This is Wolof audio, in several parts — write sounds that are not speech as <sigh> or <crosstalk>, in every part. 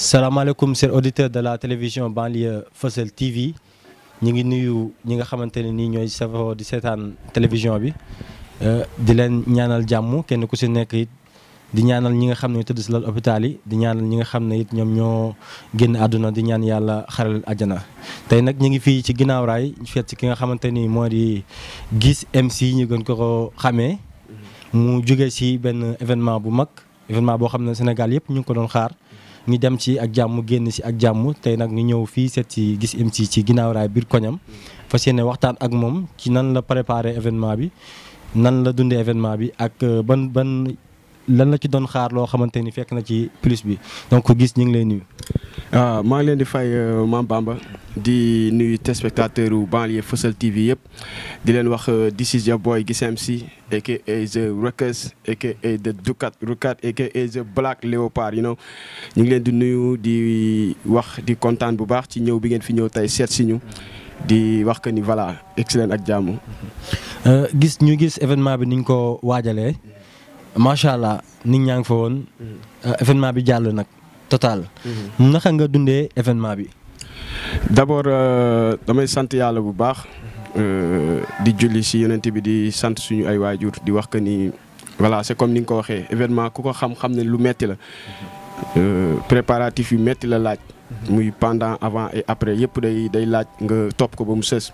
salaamaaleykum seen auditeur de la télévision banlieue Fësël TV ñu ngi nuyu ñi nga xamante ne nii ñooy safoo di seetaan télévision bi euh, di leen ñaanal jàmm kenn ku si nekk it di ñaanal ñi nga xam ne tëdd si lal hôpital yi ñaanal ñi nga xam ne it ñoom ñoo génn àdduna di ñaan yàlla xaral àjjana tey nag ñu ngi fii ci ginnaaw raay feet ci ki nga xamante ni moo di Guiss MC ñu gën ko xamee mm-hmm. mu jógee si benn événement bu mag événement boo xam ne Sénégal yëpp ñu ngi ko doon xaar ñu dem si ak jàmm génn si ak jàmm tey nag ñu ñëw fii seet si Guiss si ci ginnaaw raay biir koñam fas yéene waxtaan ak moom ci nan la préparer événement bi nan la dundee événement bi ak euh, ban ban lan la ci doon xaar loo xamante ni fekk na ci plus bi donc gis ñu ngi leen nuyu. ah maa ngi leen di fay euh, Mame Bamba di nuyu téléspectateur u banlieue Fësal TV yëpp di leen wax euh, this is your boy Guiss MC aka the Ruckus aka the Ducat Rucat aka Black Leopard you know ñu ngi leen di nuyu di wax di kontaan bu baax ci ñëw bi ngeen fi ñëw tey seet si ñu di wax que ni voilà excellent ak jàmm. Euh, gis ñu gis événement bi niñ ko waajalee. macha allah nit ñaa ngi fa woon mm-hmm. euh, événement bi jàll nag total. Mm-hmm. naka nga dundee événement bi. d'abord euh, damay sant yàlla bu baax. Euh, di julli si yonent bi di sant suñu ay waajur di wax ko nii voilà c'est comme ni nga ko waxee événement ku ko xam-xam ne lu metti la. Mm-hmm. préparatif yu metti la laaj. muy pendant avant et après yëpp day day laaj nga topp ko ba mu sës.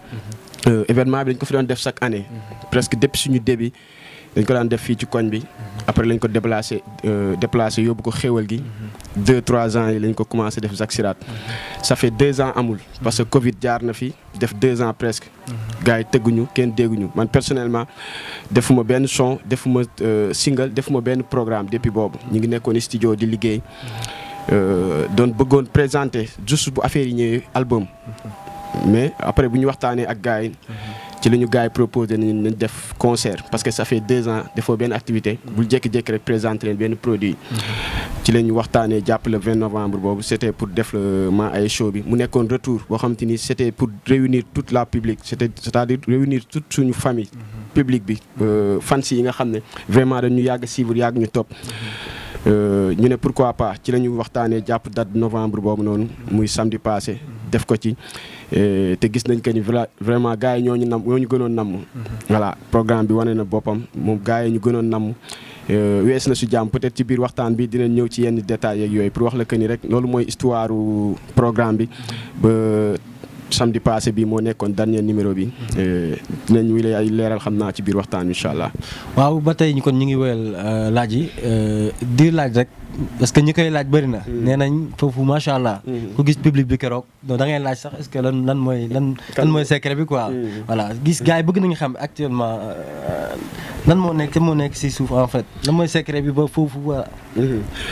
événement bi dañ ko fi doon def chaque année. presque depuis suñu début. dañ ko daan def fii ci koñ bi après lañ ko déplacé euh, déplacé yóbbu ko xewal gi deux trois ans yi lañ ko commencé def Zac Sirat ça fait deux ans amul parce que Covid jaar na fi def deux ans presque gars yi tëgguñu kenn dégguñu man personnellement defuma benn son defuma euh, single defuma benn programme depuis boobu ñu ngi nekkoon studio di liggéey euh, doon bëggoon présenter juste bu affaire yi ñëwee album mais après bu ñu waxtaanee ak gars yi ci la ñu gars yi proposé nañu nañ def concert parce que ça fait deux ans defoo benn activité bul jékki-jékki rek présenté leen benn produit ci la ñu waxtaanee jàpp le novembre boobu c' était pour def ma ay show bi mu nekkoon retour boo xam te ni c' était pour réunir tout la publique c' était c' est à dire réunir toute suñu famille public bi euh, fans yi nga xam ne vraiment ñu yàgg suivre yàgg ñu topp euh, ñu ne pourquoi pas ci la ñu waxtaanee jàpp date novembre boobu noonu muy samedi passé def ko ci Eh, te gis nañ que ni vraiment gars yi ñoo ñu nam ñoo ñu gënoon nam mhm. voilà programme bi wane na boppam moom gars yi ñu gënoon namm. Eh, wees na su jàmm peut-être ci biir waxtaan bi dinañ ñëw ci yenn détails yeeg yooyu pour wax la que ni rek loolu mooy histoire programme bi mhm. ba samedi passé bi moo nekkoon dernier numéro bi. Mhm. Eh, dinañ wile ay leeral xam naa ci biir waxtaan bi incha allah. waaw ba tey kon ñu ngi wéyal euh, laaj yi euh, di laaj rek. parce que ñi koy laaj bëri na. Hmm. nee nañ foofu macha allah. Hmm. ku gis public bi keroog da ngay laaj sax est-ce que lan mooy lan. lan mooy secret bi quoi. Hmm. voilà gis gars yi bëgg nañu xam actuellement euh, lan moo nekk moo nekk si suuf en mooy secret bi ba foofu voilà.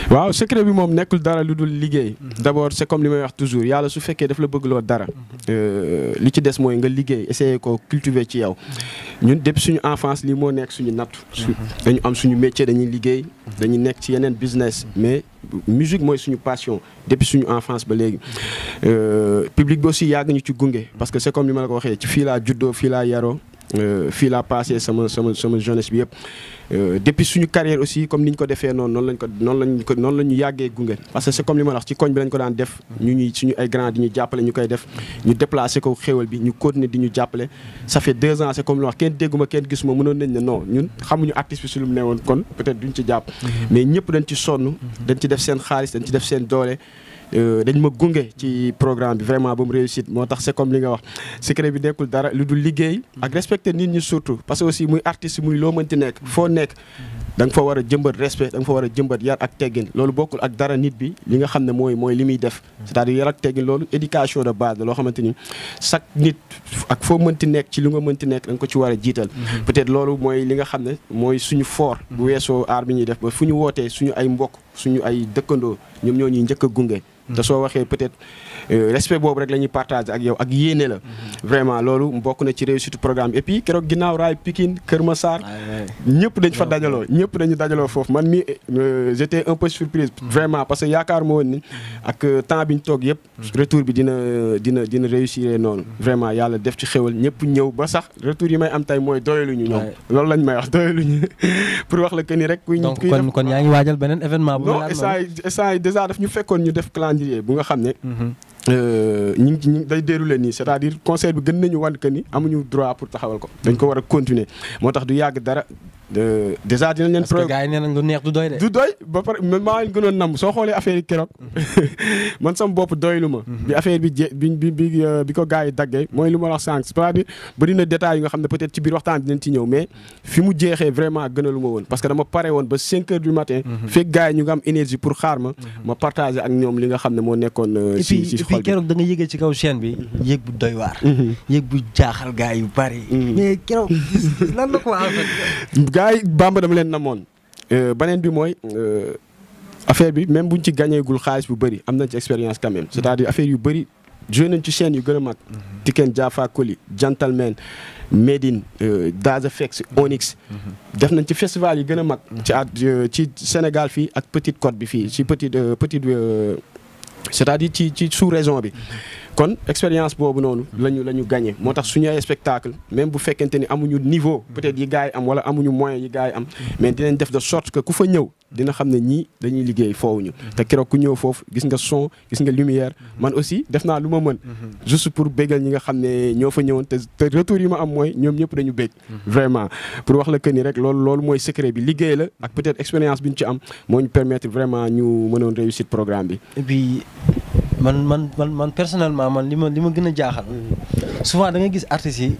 waaw secret bi moom nekkul dara lu dul liggéey. d'abord c'est comme li may wax toujours yàlla su fekkee daf la bëgg loo dara. Euh, li ci des mooy nga liggéey essayer ko cultiver ci yow. ñun depuis suñu enfance lii moo nekk suñu nattu. dañu am suñu métier dañuy liggéey. dañuy nekk ci yeneen business. mais musique mooy suñu passion depuis suñu enfance ba léegi euh, public bi aussi yàgg ñu ci gunge parce que c'est comme ni ma la ko waxee ci fii laa juddoo fii laa yaroo Euh, fii laa passé sama sama sama jeunesse bi yëpp euh, depuis suñu carrière aussi comme ni ñu ko defee noonu noonu lañ ko noonu lañ ko noonu ñu yàggee gunge parce que c'est comme li ma la wax ci koñ bi lañ ko daan def ñu ñuy suñu ay grand di ñu jàppale ñu koy def ñu déplacé ko xéwal bi ñu continuer di ñu jàppale ça fait deux ans c'est comme li wax kenn dégguma kenn gisuma mënoon nañ ne non ñun xamuñu artiste su lu mu newoon kon peut-être duñ ci jàpp mhm. mais ñëpp dañ ci sonn mhm. dañ ci def seen xaalis dañ ci def seen doole Euh, dañ ma gunge ci programme bi vraiment ba mu réussite moo tax c'est comme li nga wax secret bi nekkul dara lu dul liggéey ak respecter nit ñi surtout parce que aussi muy artiste muy loo mënti nekk foo nekk da nga fa war a jëmbat respect da fa war a jëmbat yar ak teggin loolu bokkul ak dara nit bi li nga xam ne mooy mooy li muy def c'est-à-dire yar ak teggin loolu éducation de base loo xamante ni chaque nit ak foo mënti nekk ci li nga mënti nekk da nga ko ci war a jiital peut-être loolu mooy li nga xam ne mooy suñu fort bu weesoo aar bi ñuy def ba fu ñu wootee suñu ay mbokk suñu ay dëkkandoo ñoom ñoo ñuy njëkk a gunge te soo waxee peut-être euh, respect boobu rek la ñuy partager ak yow ak yéene la. Mm-hmm. vraiment loolu bokk na ci réussite programme et keroog ginnaaw raay Pikine Kër Massar. ñëpp dañ fa dajaloo ñëpp dañu dajaloo foofu man mii euh, j'étais un peu surprise. Mm-hmm. vraiment parce que yaakaar moo ni mm-hmm. ak euh, temps bi ñu toog yëpp. retour bi dina dina dina réussir noonu. vraiment yàlla def ci xéwal ñëpp ñëw ba sax retour yi may am tay mooy doyaluñu ñoom. loolu lañ may doyaluñu <laughs> pour wax la que ni rek. kuy kuy donc calendrier bu nga xam ne mhm. Euh, ñu ngi ñu day leen nii c'est-à-dire concert bi gën nañu wan que ni amuñu droit pour taxawal ko. dañ ko war a continuer moo tax du yàgg dara déjà dinañ leen. parce que gars nee nañ lu neex du doy de. du doy ba pare man soo xoolee affaire yi keroog <laughs> man sama bopp ma. Mhm. bi bi je bi bi bi euh, ko yi daggee mooy li ma wax sànq c'est-à-dire bëri na nga xam ne peut-être ci biir waxtaan ñëw mais fi mu jeexee ma woon parce que dama pare woon ba 5 heures du matin. Mhm. am énergie pour xaar ma. Mhm. ma partage ak ñoom li nga xam ne moo nekkoon. Euh, ci fii keroog da nga yëgee ci kaw chaîne bi. Mhm. yëg bu doy waar. Mhm. yëg bu jaaxal gaa yu bari. Mhm. <laughs> la gaa yi bamba dama leen namoon. Euh, beneen bi mooy euh, affaire bi même buñ ci gagnéegul xaalis bu bëri am nañ ci expérience quand même c'est-à-dire affaire yu bëri joué nañ ci chaîne yu gën a mag. Tiken Jah Fakoly Gentleman Medine euh, Daz Effects Onyx. def nañ ci festival yu gën a mag. ci at ci Sénégal fii ak Petite Côte bi fii ci petite c'est-à-dire ci ci sous raison bi kon expérience boobu noonu lañu la ñu gagné moo tax suñu ay spectacle même bu fekkente ni amuñu niveau peut-être yi gars yi am wala amuñu moyens yi gars yi am mais dinañ def de sorte que ku fa ñëw dina xam ne ñii dañuy liggéey foowuñu te keroog ku ñëw foofu gis nga son gis nga lumière mhm. man aussi def naa lu ma mën mhm. juste pour béggal ñi nga xam ne ñoo fa ñëwoon te retour yi ma am mooy ñoom ñëpp dañu bég mhm. vraiment pour wax la que ni rek loolu loolu mooy secret bi liggéey la ak peut-être expérience bi ñu ci am moo ñu permettre vraiment ñu mënoon réussir programme bi et man man man man personnellement man li ma li ma gën a jaaxal souvent da gis artistes yi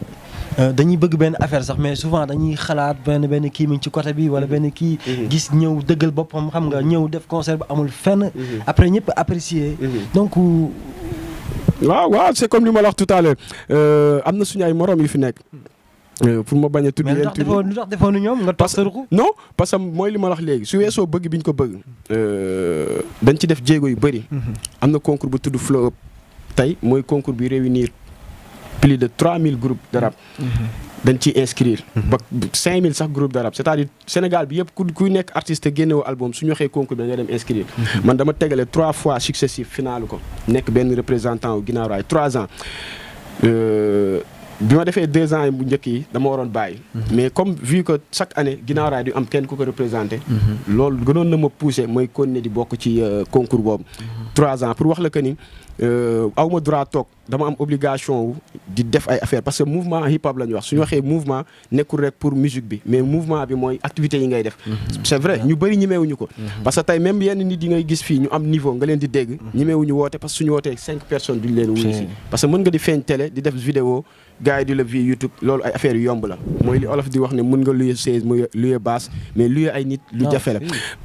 Euh, dañuy bëgg benn affaire sax mais souvent dañuy xalaat benn benn kii mi ci côté bi wala benn kii. Mhm. gis ñëw dëggal boppam xam nga ñëw def concert bu amul fenn. Mhm. après ñëpp apprécier. Mhm. donc. Euh, waaw waaw c'est comme li ma la wax tout à l'heure euh, am na suñu ay morom yu fi nekk. pour ma bañ a tudd yéen tudd mais lu tax ñoom nga toog sa ruq non parce que mooy li ma wax léegi su weesoo bëgg bi ñu ko bëgg. dañ ci def jéego yu bëri. am na concours bu tudd Flow tey mooy concours bi réunir. plus de 3000 groupes de rap. Mm-hmm. Mm-hmm. dañ ciy inscrire. Mm-hmm. ba mille sax groupe de rap c'est-à-dire Sénégal bi yëpp ku ku nekk artiste génnewoo album su ñu waxee concours bi da ngay dem inscrire. man dama tegale trois fois successif finaalu ko nekk benn représentant wu ginnaaw raay trois ans. Euh, bi ma defee deux ans yi bu njëkk yi dama waroon bàyyi. mais comme vu que chaque année ginnaaw raay du am kenn ku ko représenté. loolu gënoon na ma poussé mooy continuer di bokk ci euh, concours boobu. trois ans pour wax la que ni euh, aw ma droit toog dama am obligation wu di def ay affaire parce que mouvement hip hop la ñuy wax suñu waxee mouvement nekkul rek pour musique bi mais mouvement bi mooy activité yi ngay def mhm. c'est vrai ñu bëri ñemewuñu ko mhm. parce que tey même yenn nit yi ngay gis fii ñu am niveau nga leen di dégg mhm. ñemewuñu woote parce que suñu wootee cinq personnes duñ leen wuyu si parce mën nga di feeñ télé di def vidéo gars yi di la vie YouTube loolu ay affaire yomb la mooy li olof di wax ne mun nga luye chaise mu luye basse mais luye ay nit lu jafe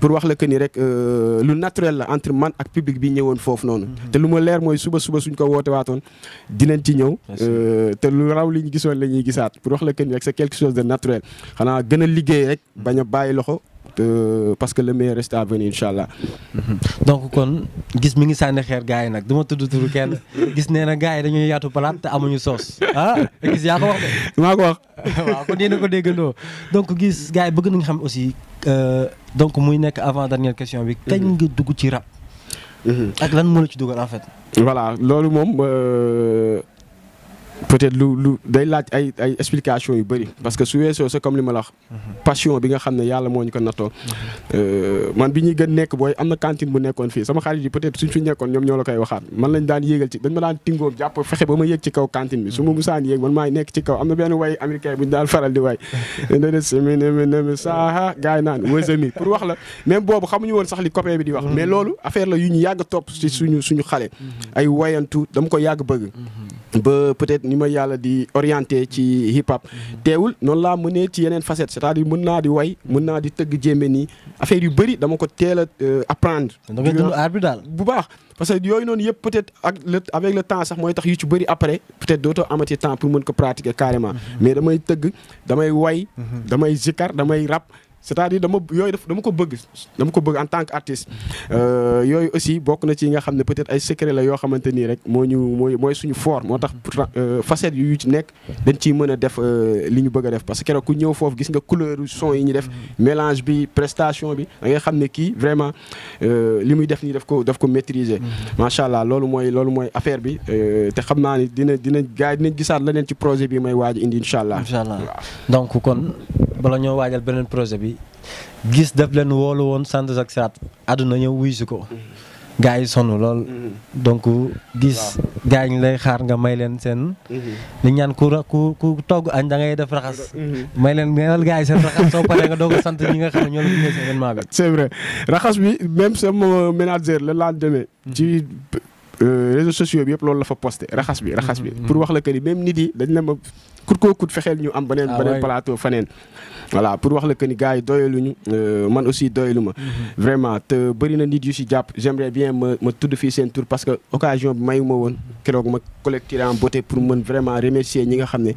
pour wax la que ni rek euh, lu naturel la entre man ak public bi ñëwoon foofu noonu mhm. te lu ma leer mooy suba suba suñ ko woote waatoon dinañ ci ñëw euh, te lu raw li ñu gisoon la ñuy gisaat pour wax la que ni rek c'est quelque chose de naturel xanaa gën a liggéey rek bañ a bàyyi loxo parce que le meilleur reste à venir allah. Mhm. donc kon gis mi ngi sànni xeer gars yi nag du ma tudd turu kenn gis nee na gars yi dañuy yaatu palaat te amuñu soos ah gis yaa ko wax de. <laughs> maa ko wax. <laughs> waaw kon yéen a ko déggandoo donc gis gars bëgg nañu xam aussi euh, donc muy nekk avant dernière question bi. kañ mhm. nga dugg ci rap. Mhm. ak lan moo la ci dugal en fait. voilà loolu moom. Euh, peut-être lu lu day laaj ay explication yu bëri parce que su weesoo sa comme li ma la wax. Mhm. passion bi nga xam ne yàlla moo ñu ko nattoo. Euh, man bi ñuy gën nekk booy am na cantine bu nekkoon fii sama xarit yi peut-être suñ fi nekkoon ñoom ñoo la koy waxaat man lañ daan yéegal ci dañ ma daan tingóob jàpp fexe ba ma yéeg ci kaw cantine bi su ma musaan yéeg man maay nekk ci kaw am na benn way américain bu ñu daan faral di way dana semi nemi nemi saaha pour wax la même boobu xamuñu woon sax li copain bi di wax mhm. loolu affaire la ñu yàgg topp ci suñu suñu xale mhm. ay wayantu dama ko yàgg bëgg ba peut-être ni ma yàlla di orienté ci hip hop teewul noonu laa mënee ci yeneen facette c'est-à-dire mën naa di way mën naa di tëgg jéeme nii affaire yu bëri dama ko teel a euh, apprendre. da nga dund daal bu baax. parce que yooyu noonu yëpp peut-être ak le avec le temps mooy tax yu ci bëri après peut-être dootoo amati temps pour mën ko pratiquer carrément. Mhm. mais damay tëgg damay way. Mhm. damay zikar damay rab c'est-à-dire dama yooyu daf dama ko bëgg dama ko bëgg en tant que artiste euh, yooyu aussi bokk na ci nga xam ne peut-être ay secret la yoo xamante nii rek moo ñu mooy mooy suñu foor moo tax euh, facette yu ci nekk dañ ciy mën a def euh, li ñu bëgg a def parce que keroog ku ñëw foofu gis nga couleur son yi ñu def mélange bi prestation bi da nga xam ne kii vraiment li muy def nii def ko daf ko maîtriser macha allah loolu mooy loolu mooy affaire bi te xam naa ni dina dina gars yi dinañ gisaat leneen ci projet bi may waaj indi incha allah donc kon bala ñoo waajal beneen projet bi bi gis def leen woolu woon sant ak siraat àdduna ñëw wuy ko mm-hmm. gaa yi sonn lool mm-hmm. donc gis gaa yi lay xaar nga may leen seen li mm-hmm. ñaan ku ku ku togg añ da ngay def raxas may leen ne gaa yi seen raxas soo paree nga doog a sant ñi nga xam ne ñoo la gunge si événement bi c'est vrai raxas bi même sama manager la laan demee ci euh, réseaux sociaux bi yëpp loolu la fa posté raxas bi raxas bi pour wax la que ni même nit yi dañ la ma kut koo kut fexeel ñu am beneen ah beneen plateau faneen voilà pour wax la que ni gars yi doyaluñu euh, man aussi doyalu ma mm-hmm. vraiment te bëri na nit yu si jàpp j'aimerais bien ma ma tudd fii seen tour parce que occasion bi mayu woon keroog ma collecter en beauté pour mën vraiment remercier ñi nga xam ne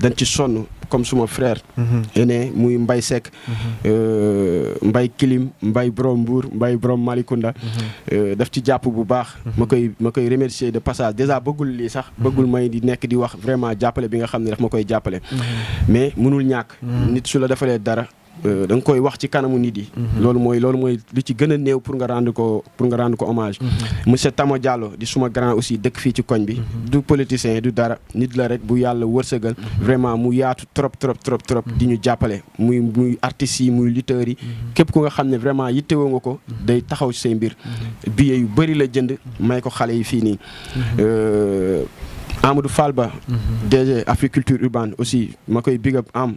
dañ ci sonn comme suma frère. Mhm. aîné muy Mbaye Seck. Mhm. Euh, Mbaye Kilim mbay borom Mbour Mbaye borom Malicounda. Mhm. Euh, daf ci jàpp bu baax. ma koy ma koy remercier de passage déjà bëggul lii sax. bëggul may di nekk di wax vraiment jàppale bi nga xam ne daf ma koy jàppale. mais mënul ñàkk. nit su la defalee dara. Euh, da nga koy wax ci kanamu nit yi. Mhm. loolu mooy loolu mooy li ci gën a néew pour nga rendre ko pour nga rendre ko hommage. Mhm. monsieur Tamo Diallo di suma grand aussi dëkk fii ci koñ bi. Mhm. du politicien du dara nit la rek bu yàlla wërsëgal. vraiment mu yaatu trop trop trop trop. di ñu jàppale muy muy artistes yi muy lutteurs yi. képp ko nga xam ne vraiment yittewoo nga ko. day taxaw ci say mbir. billet yu bëri la jënd may ko xale yi fii nii. Euh, Amadou Falba. DG agriculture urbaine aussi ma koy big up am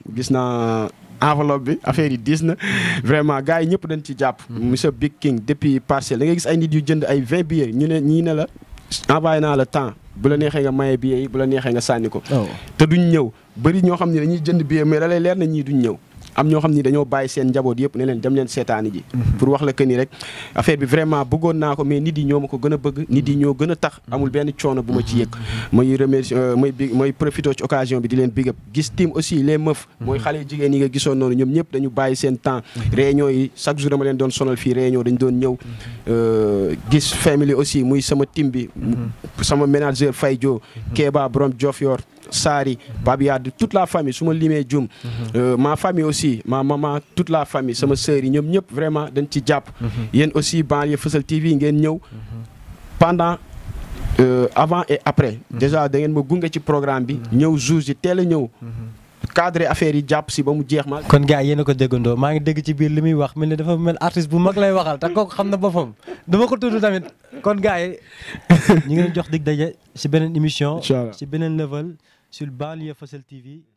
enveloppe bi affaire yi diis na vraiment gars yi ñëpp dañ ci jàpp. Mhm. monsieur Big King depuis parcelle da ngay gis ay nit yu jënd ay 20 billets ñu ne ñii ne la envoyé naa la temps bu la neexee nga maye billet yi bu la neexee nga sànni ko. Oh. te duñ ñëw bëri ñoo xam ne dañuy jënd billet mais da lay leer na ñii duñ ñëw. am ñoo xam ni dañoo bàyyi seen njaboot yëpp ne leen dem leen seetaani ji mhm. pour wax la que ni rek affaire bi vraiment bëggoon naa ko mais nit yi ñoo ma ko gën a bëgg nit yi ñoo gën a tax mhm. amul benn coono bu ma ci mhm. yëg mooy remercier euh, mooy bi mooy ci occasion bi di leen big up gis tim aussi les meufs mooy xale jigéen yi nga gisoon noonu ñoom ñëpp dañu bàyyi seen temps réunion yi chaque jour ma leen doon sonal fii réunion dañu doon ñëw euh, gis family aussi muy sama team bi sama manager Faye Dio Keba borom Diofior Sari, Babiade, toute la famille, suma limee jum mhm. euh, ma famille aussi ma maman tout la famille sama mhm. sœur yi ñoom ñëpp vraiment dañ ci jàpp mhm. yéen aussi banlieue Fësël TV ngeen ñëw pendant euh, avant et après déjà da ngeen ma gunge ci programme bi ñëw jours yi teel a ñëw cadre affaire yi jàpp si ba mu jeex ma. kon gars yéen a ko déggandoo maa ngi dégg ci biir li muy wax mel ni dafa mel artiste bu mag lay waxal te kooku xam na boppam dama ko tudd tamit kon gars <laughs> ñu ngi leen jox dig daje si beneen émission. si beneen level. sur le banlieue Fessel TV